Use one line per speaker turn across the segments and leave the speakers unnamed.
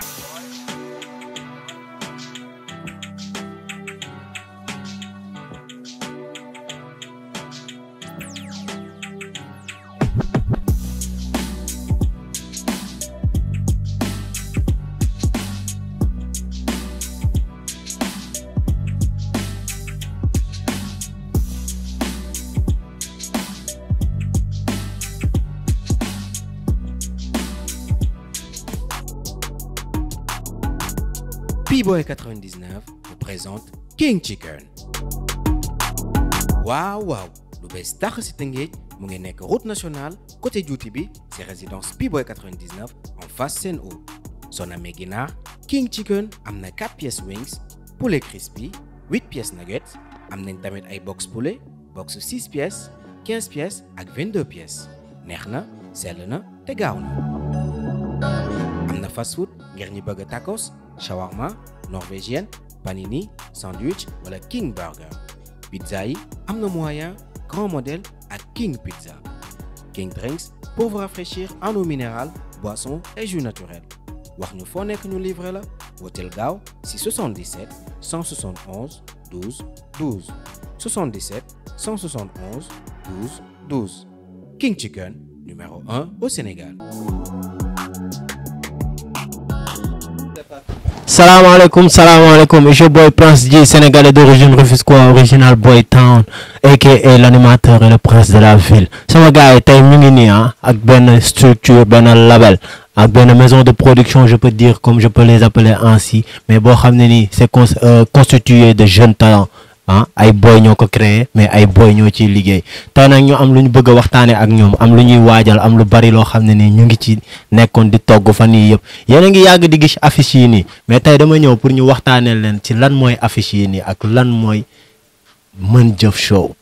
Bye. B-Boy99 vous présente King Chicken. waaw waaw lu bees tax si Tëngéej mu ngi nekk route nationale côté juuti bi si résidence B-Boy99 en face Sen'Eau soo namee ginaar King Chicken am na 4 pièces wings poulet crispy 8 pièces nuggets am nañ tamit ay box poulet box 6 pièces 15 pièces ak 22 pièces neex na sell na te gaaw na. fast food ngir ñi bëgg tacos shawarma norvégienne panini sandwich wala king burger pizza yi am na moyen grand modèle ak king pizza king drinks pour vous rafraîchir en eau boisson et jus naturel wax ñu foo nekk ñu livrer la hôtel gaaw si 77 171 12 12 77 171 12 12 king chicken numéro au Sénégal
salaamaaleykum salaamaaleykum je boy Prince J sénégalais d'origine rufisquois original boy town aka l'animateur et le prince de la ville sama gars yi ngi nii ah ak benn structure benn label ak benn maison de production je peux dire comme je peux les appeler ainsi mais boo xam ne nii c'est euh, constitué de jeunes talents ah ay booy ñoo ko créé mais ay booy ñoo ciy liggéey tey nag ñu am lu ñu bëgg a waxtaanee ak ñoom am lu ñuy waajal am lu bari loo xam ne ni ñu ngi ci nekkoon di togg fan nii yëpp yéen a ngi yàgg di gis affiche yi nii mais tey dama ñëw pour ñu waxtaanee leen ci lan mooy affiche yi nii ak lan mooy Mën Jëf Show.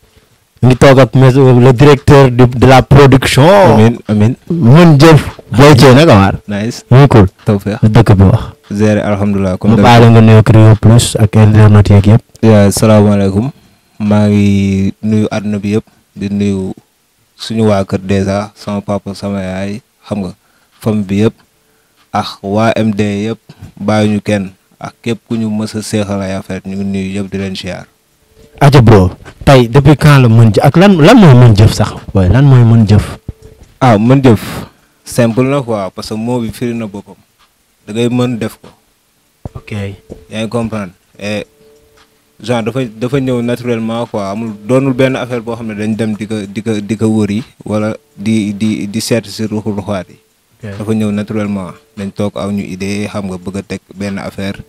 ñu ngi toog ak
le directeur de de la production. amiin amiin mën jëf. booy cee nag Amar. nice muy cool. tawfeex dëkk bi wax. zéré alhamdulilah. comme dëgg la ma baale nga
nuyoog Rio Plus ak internet yeeg yëpp.
salaamaaleykum maa ngi nuyu àdduna bi yëpp di nuyu suñu waa kër dèjà sama papa sama yaay xam nga famille bi yëpp ak waa MD yëpp bàyyi ñu kenn ak képp ku ñu mës a seexal ay affaire ñu ngi nuyu yëpp di leen siyaar.
aja bro tey depuis quand la mën jëf ak lan lan mooy mën jëf sax waaye lan mooy mën jëf.
ah mën jëf simple na quoi parce que moo bi firi na boppam da ngay mën def ko. ok yaa ngi comprendre dafa dafa ñëw naturellement quoi amul doonul benn affaire boo xam ne dañ dem di ko di ko di ko wër yi wala di di di seet si ruxu ruxaat dafa ñëw naturellement dañ toog aw ñu idée xam nga bëgg teg benn affaire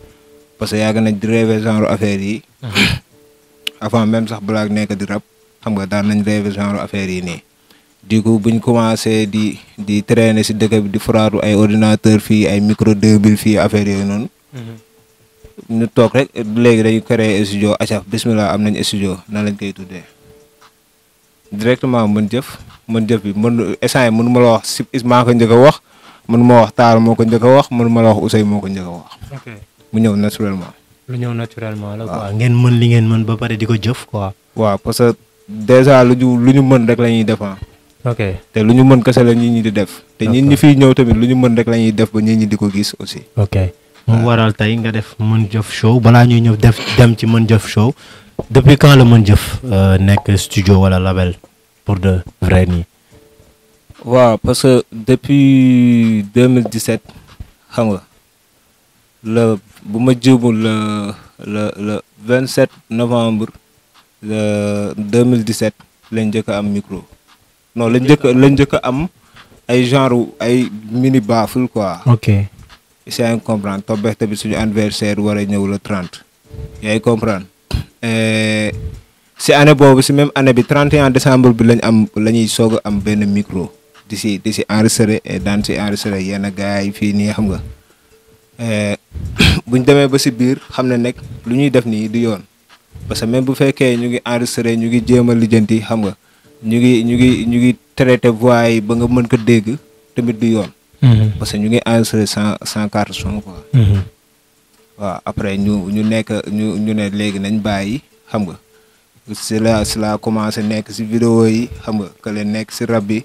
parce que yàgg nañ di genre affaire yi. Mhm. avant même sax balaa nekk di rap xam nga daan nañ rêver genre affaire yi nii du coup buñ commencé di di traîner si dëkk bi di furaatu ay ordinateur fii ay micro deux mille fii affaire yooyu noonu. Mhm. ñu toog rek léegi dañu créé studio acaf bismillah am nañ studio nan lañ koy tuddee. directement mën jëf mën jëf bi mën instant yii ma la wax si maa ko njëkk wax mën ma wax Taal moo ko wax mënu ma la wax Ousseyn moo ko njëkk wax. mu ñëw naturellement.
lu ñëw naturellement
la quoi ah. ngeen mën li ngeen mën ba pare di ko jëf quoi. waaw parce que déjà lu ñu lu ñu mën rek lañuy ñuy def ah. ok te lu ñu mën kese la nit ñi di def. te nit ñi fiy ñëw tamit lu ñu mën rek la ñuy def ba nit ñi di ko gis aussi. ok ah.
mu waral tey nga def mën jëf show balaa ñuy ñëw def dem ci mën jëf show depuis quand la mën jëf euh, nekk studio walla label pour de vrai nii.
waaw parce que depuis 2017 xam nga la bu ma juumul le le le 27 novembre le 2017 lañ njëkk am micro. non lañ njëkk lañ njëkk a am ay genre ay mini baaful quoi. ok yaa ngi comprendre tobeex tamit suñu anniversaire war a ñëw le 30. yaa ngi comprendre eh, si ane boobu si même année bi 31 décembre bi lañ am la ñuy soog am benn micro di si di si enregistré et daan si enregistré yenn gars yi fii nii xam nga. Euh, buñ demee ba si biir xam ne nekk lu ñuy def nii du yoon parce que même bu fekkee ñu ngi enregistré ñu ngi jéem a lijjanti xam nga ñu ngi ñu ngi ñu ngi traité voix yi ba nga mën ko dégg tamit du yoon. Mm-hmm. parce que ñu ngi enregistré sans sans carte son quoi. Mm-hmm. waaw après ñu ñu nekk ñu ñu ne léegi nañ bàyyi xam nga si la si commencé nekk si vidéo yi xam nga que leen nekk si rab bi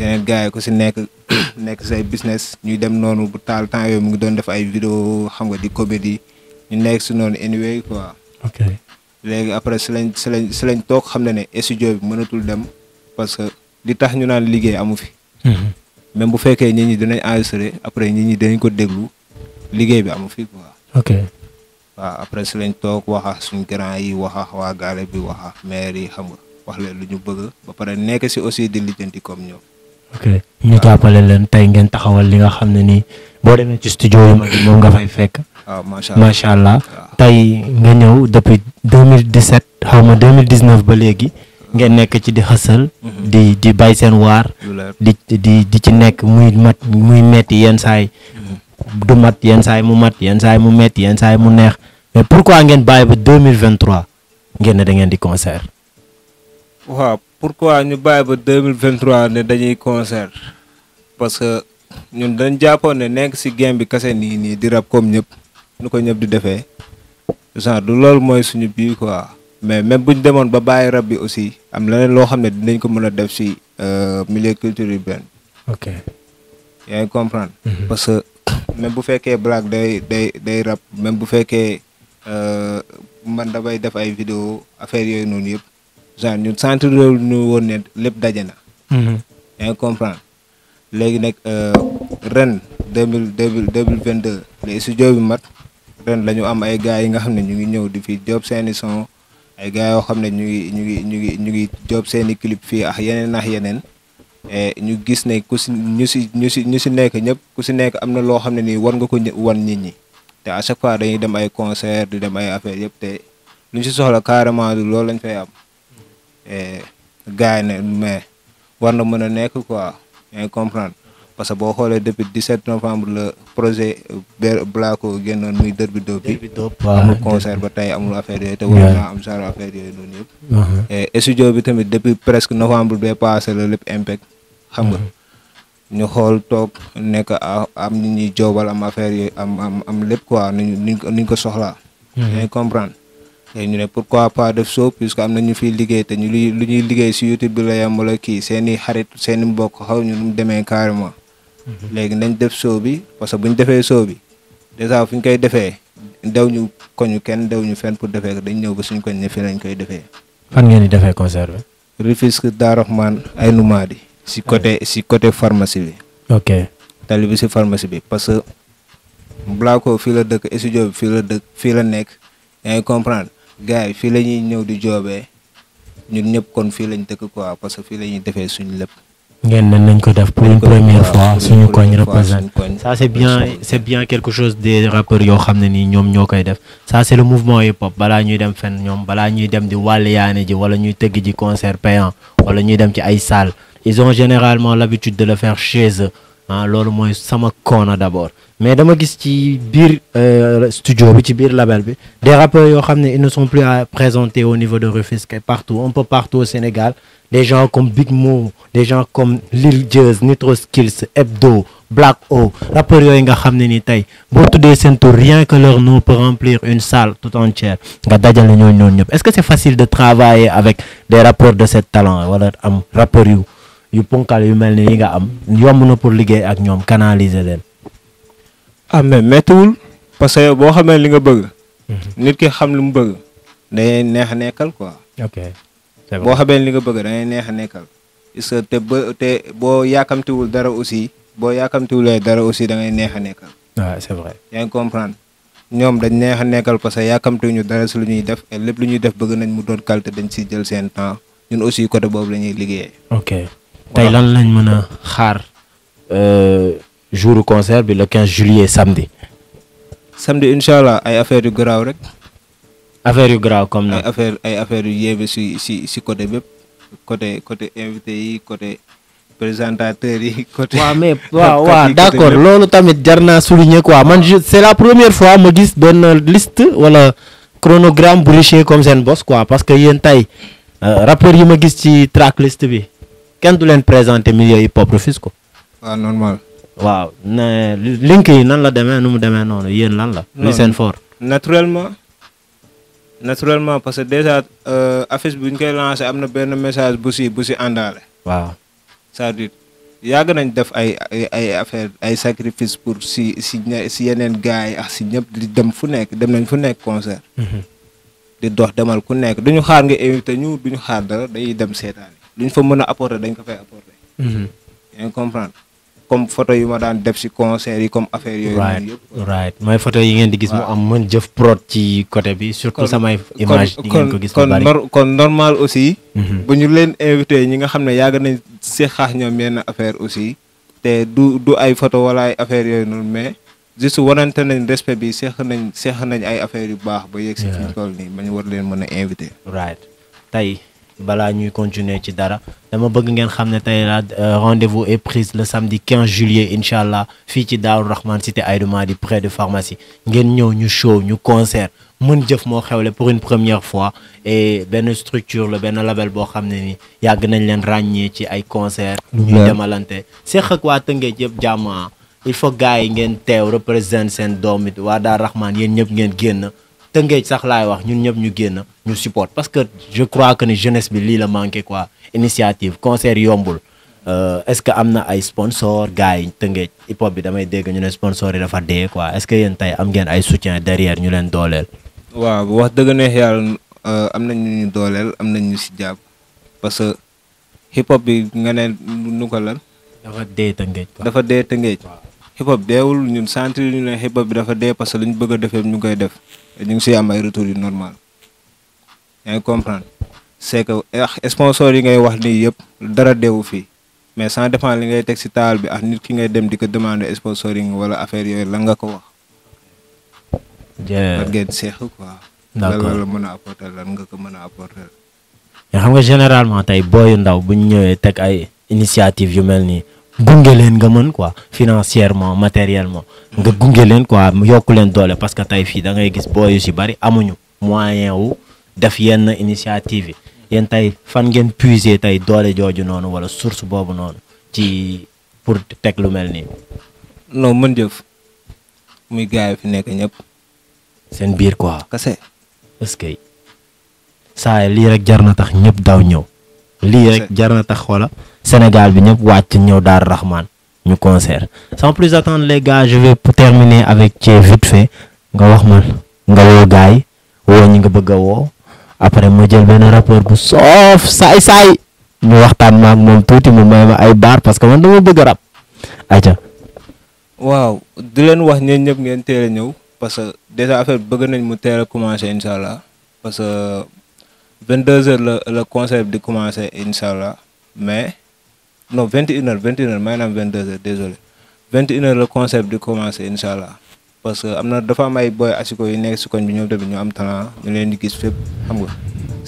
yeneen gars si nekk. nekk say business ñuy dem noonu bu taal temps yooyu mu ngi doon def ay vidéo xam nga di comédie ñu nekk si noonu anyway quoi. léegi après si lañ si lañ si lañ toog xam ne ne studio bi mënatul dem parce que li tax ñu naan liggéey amu fi. Mhm. même bu fekkee nit ñi dinañ enregistré après nit ñi dinañ ko déglu liggéey bi amu fi quoi. après si lañ toog waxa suñ grand yi waxa waa gaale bi waxa maire yi xam nga wax leen lu ñu bëgg ba pare nekk si aussi di lijjanti kom ñoom.
ok ñu jàppale leen tey ngeen taxawal li nga xam ne nii boo demee ci studio yu mag moom nga fay fekk. waaw ah, macha allah ah. tey nga ñëw depuis 2017 xaw ma 2019 ba léegi. ngeen nekk ci di xësal. Mhm. di di bay seen waar. di di di ci nekk muy mat muy metti yenn saay mhm. du mat yenn saay mu mat yenn saay mu metti yenn saay mu neex mais pourquoi ngeen bàyyi ba 2023 ngeen ne da ngeen di concert.
waaw pourquoi ñu bàyyi ba deux mille vingt trois ne dañuy concert parce que ñun dañ jàppoon ne nekk si game bi kase nii nii di rab comme ñëpp nu ko ñëpp di defee genre du loolu mooy suñu bii quoi mais même bu ñu demoon ba bàyyi rab bi aussi am leneen loo xam ne dinañ ko mën a def si euh, milieu culture urbaine. ok yaa ngi comprendre. Mhm. parce que même bu fekkee black day day day rab même bu fekkee euh, man damay def ay vidéo affaire yooyu noonu yëpp. genre ñun centre réew ñu woon ne lépp daje na. Mhm. yaa ngi léegi nag euh, ren deux mille deux mille vingt deux les studio bi mat ren la am ay gars yi nga xam ne ñu ngi ñëw di fi job seeni son ay gars yoo xam ne ñu ngi ñu ngi ñu ngi ñu ngi job seeni clip fii ak yeneen ak yeneen. e ñu gis ne ku si ñu si ñu si ñu si nekk ñëpp ku si nekk am na loo xam ne nii war nga ko wan nit ñi te à chaque fois dañuy dem ay concert di dem ay affaires yëpp te lu si soxla carrément du loolu lañ fay am. E, gars ne mais war na mën a nekk quoi yaa ngi comprendre parce que boo xoolee depuis 17 novembre la projet Blacko génnoon muy Derby Dope bi amul concert ba tey amul affaire yooyu te war naa am genre affaire yooyu noonu yëpp uh-huh. e, studio bi tamit depuis presque novembre bee passé la lépp impact xam nga uh-huh. ñu xool toog nekk am nit ñuy joobal am affaire yooyu am am am lépp quoi nuñ nuñ ko soxlaa uh-huh. yaa ngi léegi ñu ne pourquoi pas def show puisque am na ñu fiy liggéey te ñu lu ñuy liggéey si YouTube bi la yembala kii seen i xarit seeni mbokk xaw ñu mu demee carrément. Mhm. léegi nañ def show bi parce que bu ñu defee show bi dèjà fu ñu koy defee daw ñu koñu kenn daw ñu fen pour defee ko dañ ñëw ba suñ koñ ne fii lañ koy defee. fan ngeen di defee concert bi. Rufisque Darahman ay Numaadi. si côté si côté pharmacie bi. ok tali bi si pharmacie bi parce que Blacko fii la dëkk studio bi fii la dëkk fii la nekk yaa ngi gars yi fii la ñuy ñëw di joobee ñun ñëpp kon fii lañ dëkk quoi parce que fii la ñuy defee suñu lépp.
ngeen ne nañ ko def pour une première fois suñu koñ représente ça c'est bien c'est bien quelque chose des rappeurs yoo xam ne nii ñoom ñoo koy def ça c'est le mouvement hip hop balaa ñuy dem fen ñoom bala ñuy dem di wàll yaane ji wala ñuy tëgg ji concert payant wala ñuy dem ci ay salle ils ont généralement l'habitude de le faire chez ah loolu mooy sama koona d' abord mais dama gis ci biir euh, studio bi ci biir label bi des rappeurs yoo xam ne ils ne sont plus à présenter au niveau de Rufisque partout un peu partout au Sénégal des gens comme Big Mo des gens comme Lil Jeuz Nitro Skills Hebdo Black O rappeurs yooyu nga xam ne ni tey boo tuddee seen tour rien que leur nom peut remplir une salle tout entière nga dajale ñooñu ñooñu ñëpp est ce que c' facile de travailler avec des rappeurs de ce wala am rappeurs yu yu ponkal yu mel ni yi nga am yomb na pour liggéey ak ñoom canaliser leen.
ah mais méttiwul boo xamee li nga bëgg. Mhm. nit ki xam lu mu bëgg. day neex a nekkal quoi. ok boo xamee li nga bëgg dangay neex a nekkal. parce te ba te boo yaakamtiwul dara aussi boo yaakamtiwulee dara aussi da ngay neex a nekkal. waaw c'est vrai. ñoom dañ neex a nekkal parce que yaakamtiwuñu dara si lu ñuy def et lu ñuy def bëgg nañ mu doon qualité dañ si jël seen temps ñun aussi côté boobu la ñuy liggéeyee.
tey lan lañ mën a xaar. Euh, jouru concert bi le 15 juillet samedi.
samedi incha allah ay affaire yu garaaw rek. affaire yu garaaw comme na ay affaire ay affaire yu yéeme si si si côté bépp côté côté invité yi côté présentateur yi côté. waaw mais waaw waaw d' accord loolu
tamit jar naa souligner man je c' la première fois ma gis benn list wala chronogramme bu comme seen boss quoi parce que yéen tey euh, rappeurs yi ma gis ci track list bi. kenn du leen présenter milieu hip hop Rufisque ko. waaw ah, normal. waaw ne link yi nan la demee nu mu demee noonu yéen lan la. li seen fort.
naturellement naturellement parce que déjà euh, affiche bu ñu koy lancé am na benn message bu si bu si àndaale. waaw c'est-à-dire yàgg nañ def ay ay affaire ay sacrifice pour si si si yeneen gars yi ak si ñëpp di dem fu nekk dem nañ fu nekk concert. Mhm. di dox demal ku nekk duñu xaar nga invité ñu duñu xaar dara dañuy dem seetaani. luñ fa mën a apporter dañ ko fay apporter. Mhm. yaa comme photo yu ma daan def si concert yi comme affaire yooyu. right
right mooy photo yi ngeen di gis. mu am mën jëf prod ci côté bi. surtout samay image yi ngeen ko gis. kon
kon normal aussi. Mhm. bu ñu leen invité ñi nga xam ne yàgg nañ si xaax ñoom yenn affaire aussi. te du du ay photo wala ay affaire yooyu noonu mais. juste wanante nañ respect bi seex nañ seex nañ ay affaire yu baax ba yegg si fi toll nii ba ñu war leen mën a invité. right balaa ñuy continuer ci dara
dama bëgg ngeen xam ne tey la euh, rendez-vous est prise le samedi 15 juillet incha allah fii ci Daaru Rahman cité Aïdou Mady près de pharmacie ngeen ñëw ñu show ñu concert mën jëf moo xewle pour une première fois et benn structure la benn label boo xam ne ni yàgg nañ leen ràññee ci ay concert ñu demalante seq ak waa Tëngéej yëpp jàmm il faut gars yi ngeen teew représente seen doom it waa Daaru Rahman yéen ñëpp ngeen génn tëngeej sax laay wax ñun ñëpp ñu génn ñu support parce que je crois que ni jeunesse bi lii la manqué quoi initiative concert yombul euh, est-ce que am na ay sponsor gars yi tëngeej hip hop bi damay dégg ñu ne sponsor yi dafa dee quoi est que yéen am ngeen ay soutien derrière ñu leen dooleel.
waaw wax dëgg neex yàlla euh, am nañ dooleel am nañ ñu si jàpp parce que hip hop bi nga ne nu ko lan. dafa dee tëngeej quoi dafa dee tëngeej. hip hop deewul ñun sentir ñu ne hip hop bi dafa dee parce que lu ñu bëgg a defee ñu koy def. ñu ngi siy am ay retour yu normal yaa ngi comprendre c'est que eh, sponsor yi ngay wax nii yëpp dara deewu fii mais sans dépend li ngay teg si taal bi ak nit ki ngay dem di ko demander sponsoring wala affaire yooyu lan nga ko wax. jërëjëf ngeen seex quoi. d'accord la mën a apporter lan nga ko mën a apporter.
xam nga généralement tey booy ndaw bu ñu ñëwee teg ay initiative yu mel nii. gunge leen nga mën quoi financièrement matériellement nga gunge leen quoi yokk leen doole parce que tey fii da ngay gis booy yu si bëri amuñu moyen wu def yenn initiative yi yéen tey fan ngeen puiser tey doole jooju noonu wala source boobu noonu ci pour teg lu mel nii. non mën
jëf muy gars fi nekk ñëpp. seen biir quoi. kese. est-ce que
saa lii rek jar na tax ñëpp daw ñëw. lii rek jar na tax xoola Sénégal bi ñëpp wàcc ñëw Daaru Rahman ñu concert sans plus attendre a gars je vais terminer avec Thié vite fait nga wax ma nga woo gars woo ñi nga bëgg a woo après ma jël benn rapport bu soof saay saay ñu waxtaan maak moom tuuti mu may ma ay baar parce que man dama bëgg a rap
waaw di leen wax ñeen ñëpp ngeen teel ñëw parce que déjà affaire bëgg nañ mu teel a commencé incha allah parce que vingt 22 heures la le concert di commencé incha allah mais non 21 heures 21 heures maanaam vingt heures désolé 21 heures le concert di commencé incha allah parce que am na dafa am ay boy asiko yu nekk si koñ bi ñoom tamit ñu am talent ñu leen di gis fépp xam nga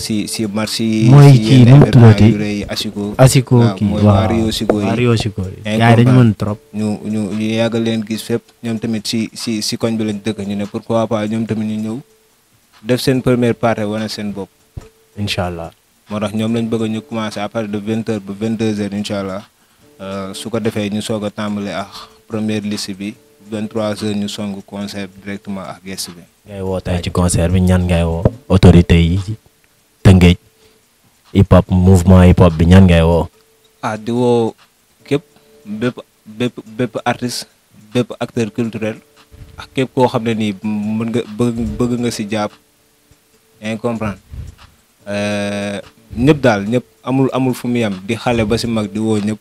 si si marché yi. mooy kii nu mu tuddati rëy asiko. asiko ah, kii waaw mooy yi. Rio Siko yi gars yi dañu trop. ñu ñu leen gis fépp ñoom tamit si si si koñ bi lañ dëkk ñu ne pourquoi pas ñoom tamit ñu ñëw def seen première partie wane seen bopp. incha allah. moo tax ñoom lañ bëgg ñu commencé à partir de vingt heures ba vingt deux heures incha euh, su ko defee ñu soog a tàmbali ak première liste bi vingt trois heures ñu song concert directement ak guest bi. ngay woo tey ci concert bi ñan ngay woo
autorité yi Tëngéej hip hop mouvement hip hop bi ñan ngay woo.
ah di woo képp bépp bépp bépp bépp acteur culturel ak képp koo xam ne nii mën nga bëgg bëgg nga si jàpp yaa Euh, ñëpp daal ñëpp amul amul fu mu yem di xale ba si mag di woo ñëpp.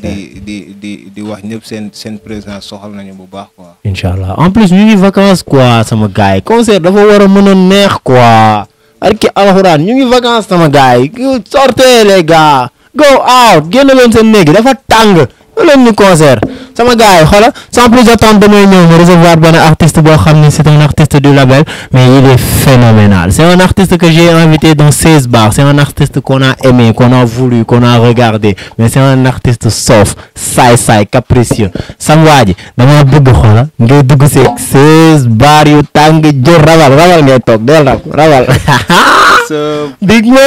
di di di wax ñëpp seen seen présence soxal nañu bu baax quoi. incha allah
en plus ñu ngi vacances quoi sama gars yi concert dafa war a mën a neex quoi. arki alxuraan ñu ngi vacances sama gars yi sortez les gars go out génn leen seen néegi dafa tàng leen ñu concert. sama gars yi xoola sans plus attendre damay ñëw ma recevoir benn boo xam ne c'est un artiste du label mais il est phénoménal c'est un artiste que j'ai invité dans 16 bars c'est un artiste qu'on a aimé qu'on a voulu qu'on a regardé mais c'est un artiste soft saay-saay capricieux sam waa ji damaa bëgg xoola ngay dugg si bars yu tàng jër rabal rabal ngay toog del rab rabal
dig mo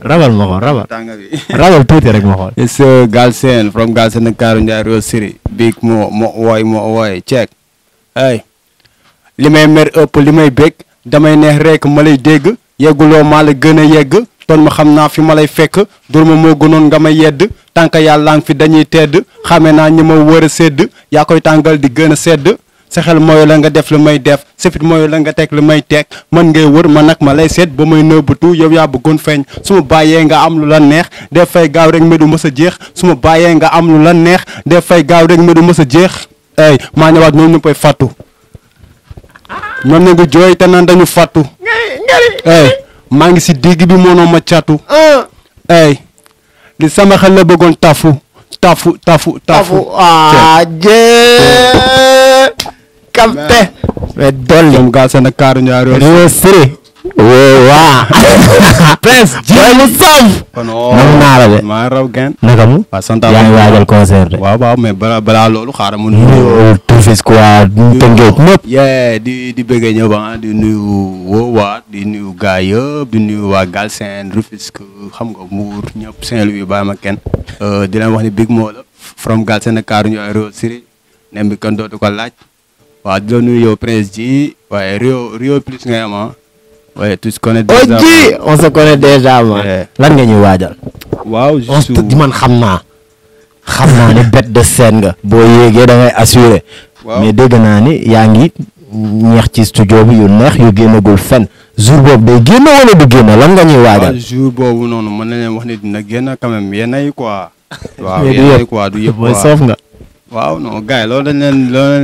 rabal ma xool rabal rabal tuuti rek ma xool. it's Galsen from Galsen ak Kaaru Ndiaye Rose City. moo moo wooy moo wooy check. ay li may mer ëpp li may bég damay neex rek ma lay dégg yegguloo maa la gën a yegg ton ma xam naa fi ma lay fekk dur ma moo gënoon nga ma yedd tànk yàlla ngi fi dañuy tedd xame naa ñi ma war a sedd yaa koy tàngal di gën a sedd. sa xel mooy la nga def lu may def sa fit mooy la nga teg lu may teg man ngay wër ma nag ma lay seet ba may nëbbatu yow yaa bëggoon feeñ su ma bàyyee nga am lu la neex def fay gaaw rek mbiru mës a jeex su ma bàyyee nga am lu la neex def fay gaaw rek mbiru mës a jeex ay maa ñëwaat ñoom ñu koy fàttu ñoom ñu ngi jooy te naan dañu fàttu ay maa ngi si digg bi mënoo ma càttu ay li sama xel la bëggoon tafu tafu tafu tafu
ah jee kampe
ɓe dolli jom gal sene kaaru ñaari o siri wowa prince jii mu soof oh kono naara de ma raw gen naka mu waaw sant yaa ngi waajal concert de waaw waaw mais bala balaa loolu xaaral mu nuyu
Tourfis quoi
di di bëggee ñëpp ah di yëpp di nuyu waa Galsen Rufisque xam nga Mbour ñëpp Saint-Louis bàyyi ma kenn euh, di wax ni big moo from Galsen ak kaaru ñu ay siri nem bi kenn dootu ko laaj waaw di la nuyu yow Prince ji waaye Rio Rio plus ngay am ah. waaye tu te connais
déjà ji lan nga ñuy waajal. waaw juste on man xam naa. xam naa ni bête de scène nga. boo yéegee da ngay assuré. mais dégg naa ni yaa ngi ñeex ci studio bi yu neex yu génnagul fenn jour boobu day génn wala du génn lan nga ñuy waajal.
jour boobu noonu mën na leen wax ni dina génn quand même yéenay quoi. waaw yéenay yëpp quoi mooy soof nga. waaw non gars yi loolu dañ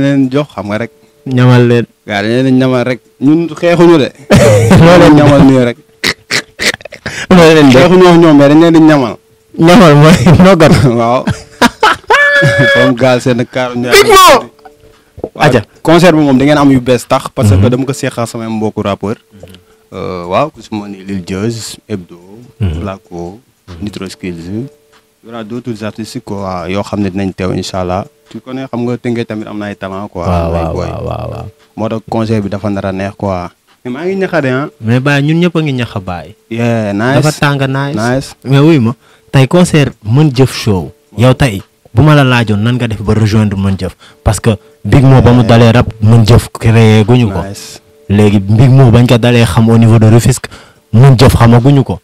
leen jox xam nga rek. ñamal leen. gars dañ leen ñamal rek ñun xeexuñu de. loolu leen ñamal nii rek. xeexuñoo ñoom mais dañ leen di ñamal.
ñamal mooy
nogal. waaw. comme gaal seen kaaru ñaar. aja concert moom da ngeen am yu bees tax. parce que mhm. dama ko seexal sama mbokku rappeur. Mhm. Euh, waaw ku Lil Jazz Hebdo. Mhm. Blacko Nitro y aura d'autres artistes yoo xam ne dinañ teew incha allah. tu connais xam nga tënkee tamit am na ay talent quoi. waaw waaw waaw waaw moo tax concert bi dafa nar a neex quoi. maa ngi ñaxa de ah. mais Baye ñun ñëpp a ngi
ñaxa Baye. nice dafa tàng nice. mais wuy ma tey concert mën jëf show. yow tey bu ma la laajoon nan nga def ba rejoindre mën jëf parce que big moo ba mu dalee rap mën jëf créé guñu ko. léegi big moo bañ ko dalee xam au niveau de Rufisque mën jëf xamaguñu ko.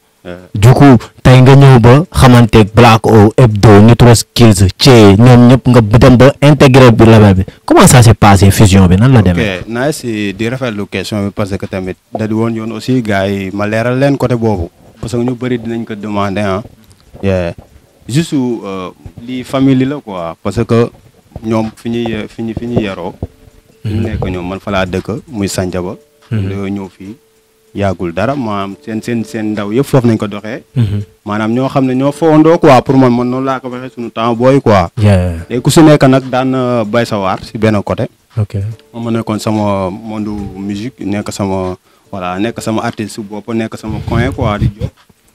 du coup tey nga ñëw ba xamante Black O Hebdo Nitro Skills Thié ñoom ñëpp nga dem ba intégré bi label bi comment ça s'est passé fusion bi nan la demee. ok
naa si di rafetlu question bi parce que tamit da woon yoon aussi gars yi ma leeral leen côté boobu parce que ñu bëri dinañ ko demandé ah. juste euh, lii famille la quoi parce que ñoom fi ñuy fi ñuy fi ñuy yaroo. ñu mhm. nekk ñoom man fa laa dëkk muy Sanjaba. Mhm. dañoo ñëw fii. yaagul dara maanaam seen seen seen ndaw yëpp foofu nañ ko doxee. Mhm. maanaam ñoo xam ne ñoo fowandoo quoi pour man man noonu laa ko waxee suñu temps booy quoi. te ku si nekk nag daan bay sa waar si benn côté. ok ma nekkoon sama monde musique nekk sama voilà nekk sama artiste bopp nekk sama coin quoi di jóg.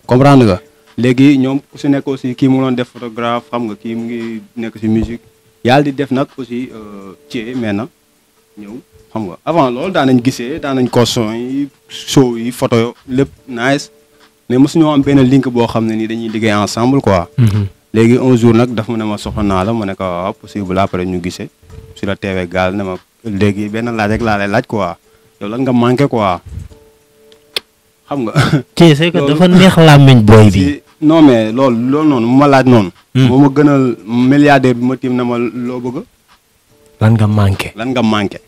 comprendre nga léegi ñoom ku si nekk aussi kii mu doon def photographe xam nga kii mu ngi nekk si musique yàlla di def nag aussi cee euh, mais na ñëw. xam nga avant loolu daan nañ gisee daan nañ caution yi show yi photo lépp nice mais mosuñoo am benn link boo xam ne nii dañuy liggéey ensemble quoi. Mm-hmm. léegi un jour nag dafa ma ne ma soxla naa la ma ne ko waaw ah, possible après ñu gisee sur la TV gaal ne léegi benn laaj rek laa lay laaj quoi yow lan nga manqué quoi xam nga. ci c'est que dafa neex làmmiñ booy bi. noonu ma laaj noonu. Mm. moo ma gënal milliardaire bi ma tiim na ma loo bëgg.
lan nga manqué.
lan nga manqué.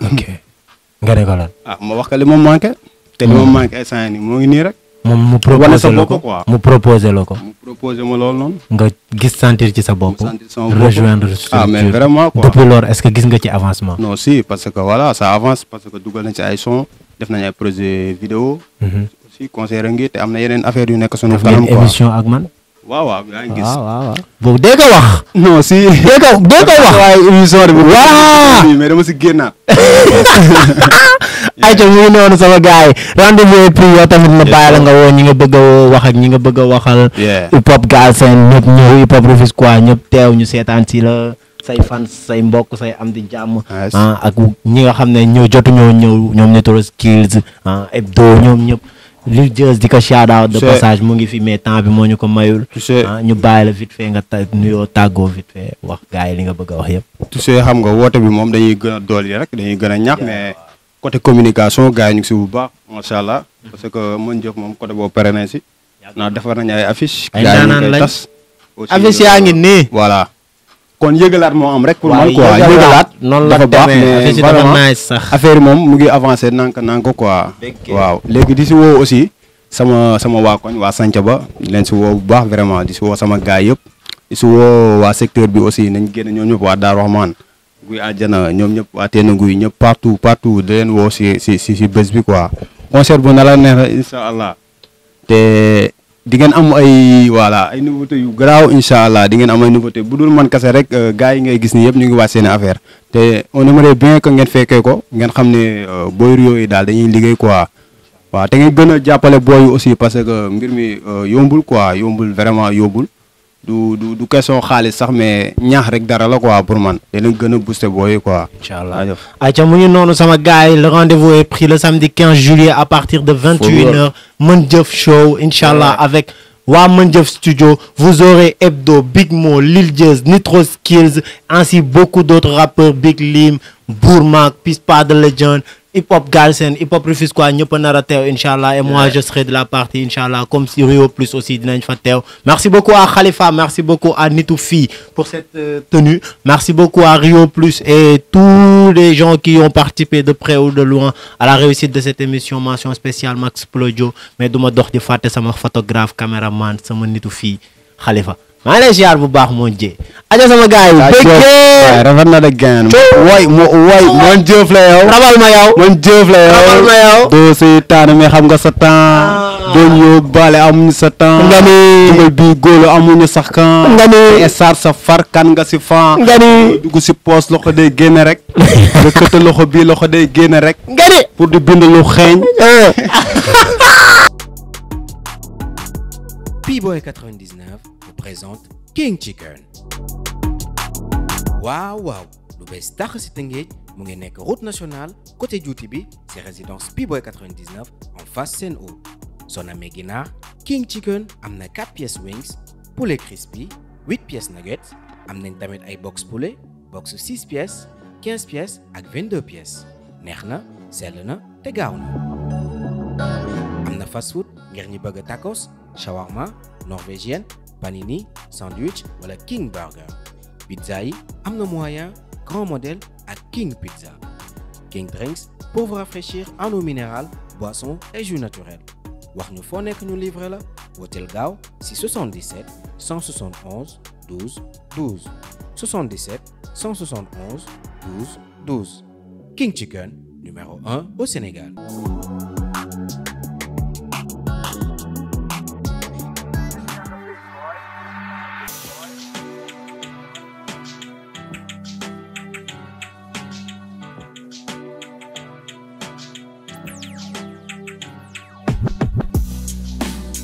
ok
nga ne ko lan.
Ah, ma wax ko li ma manqué. te li ma hmm. manqué ay saa yi nii moo ngi nii rek.
moom mu proposé la ko mu proposé la ko. mu
proposé ma loolu
nga gis sentir ci sa bopp. rejoindre structure ah mais vraiment quoi depuis loolu est-ce que gis nga ci avancement.
non si parce que voilà ça avance parce que dugal na ci ay son def nañ ay projet vidéo. Mm-hmm. aussi conseil ngi te am na yeneen affaire yu nekk sunu. kanam quoi émission ak man. waaw waaw yaa ngi gis waaw waaw boobu dee ko wax.
si dee ko dee ko wax. waaye émission bi. waaw
mais dama si génnaat.
ayca mu ngi noonu sama gars nga woo ñi nga bëgg wax ak ñi nga bëgg a waxal. hip hop Galsen ñëpp ñëw hip hop Rufisque ñëpp teew ñu seetaan si la. say fan say mbokk say am di jàmm. Ah, ak ñi nga xam ne ñoo jotu ñoo ñëw ñoom Nitoriskills ah, hebdo ñoom ñëpp. Lil Jëz di ko shout out de passage mu ngi fi mais temps bi moo ñu ko mayul. Ah, ñu bàyyi la vite fait nga ta nuyoo tàggoo vite fait wax gars li nga bëgg a wax yëpp. tu
sais xam nga woote bi moom dañuy gën a dool yi rek dañuy gën a ñaax mais côté communication gars ñu ngi si bu baax macha allah. parce que mën jëf moom côté boobu pare nañ si. naa defar nañ ay affiche. ay yi ñu koy tas. affiche yaa ngi nii kon yëgalaat moo am rek. pour man quoi yëgalaat noonu dafa baax mais affaire moom mu ngi avancé nank nank quoi. waaw léegi di si woo aussi sama sama waa koñ waa Sanca ba leen si woo bu baax vraiment di si woo sama gaay yëpp. di si woo waa secteur bi aussi nañ génn ñoom ñëpp waa Darou Rahmane guy àjjana ñoom ñëpp waa Téena guy ñëpp partout partout da woo si si bés bi quoi. concert bu na la neex incha allah te. di ngeen am ay voilà ay nouveauté yu garaaw incha allah di ngeen am ay nouveauté bu dul man kase rek euh, gars yi ngay gis ni yëpp ñu ngi waat seen affaire te on aimerait bien que ngeen fekkee ko ngeen xam ne euh, booy yooyu daal dañuy liggéey quoi waaw te ngeen gën a jàppale booyu aussi parce que ngir mi euh, yombul quoi yombul vraiment yombul du du du question xaalis sax mais ñaax rek dara la quoi pour man. dinañ gën a booster booy quoi. incha allah
mu ngi noonu sama gars yi le rendez-vous est pris le samedi 15 juillet à partir de 21h. Mën Jëf show incha allah avec. waa Menjef Studio, vous aurez Hebdo, Big Mo, Lil Diaz, Nitro Skills, ainsi beaucoup d'autres rappeurs, Big Lim, Bourmak, Pispa de Legend, hip hop Galsen hip hop Rufisquois ñëpp a nar a teew incha allah et moi je serai de la partie incha comme si Rio Plus aussi dinañ fa teew merci beaucoup à Khalifa merci beaucoup à Nitu Fi pour cette euh, tenue merci beaucoup à Rio Plus et tous les gens qui ont participé de près ou de loin à la réussite de cette émission mention spéciale Max Plodio mais du ma dox di fàtte sama photographe caméraman sama Nitu Fi Khalifa maa ngi lay bu baax moo jee. aja sama gars yi bëggee rafet na de gain waay mo waay man jëf la yow rabal ma yow man jëf la yow doo si taan mais xam nga sa temps ah.
doo ñëw baale amuñu sa temps nga ni jubal bii góolu amuñu sax kan nga ni esar sa farkan nga si fan nga ni dugg si poos loxo day génne rek nga këta loxo bii loxo day génne rek nga pour di bind lu xeeñ eh.
P-Boy présente King Chicken waaw waaw lu bees tax si mu ngi nekk route nationale côté juuti bi si résidence Piboy 99 en face Sen'Eau soo namee ginaar King Chicken am na 4 pièces wings poulet crispy 8 pièces nuggets am nañ tamit ay box poulet box 6 pièces 15 pièces ak 22 pièces neex na sell na te gaaw na am na fast food ngir ñi bëgg tacos shawarma norvégienne panini sandwich wala king burger pizza yi am na moyen grand modèle ak king pizza king drinks pour vous rafraîchir en eau minérale boisson et jus naturel wax ñu foo nekk ñu livrer la wooteel gaaw si 77 171 12 12 77 171 12 king chicken numéro 1 au Sénégal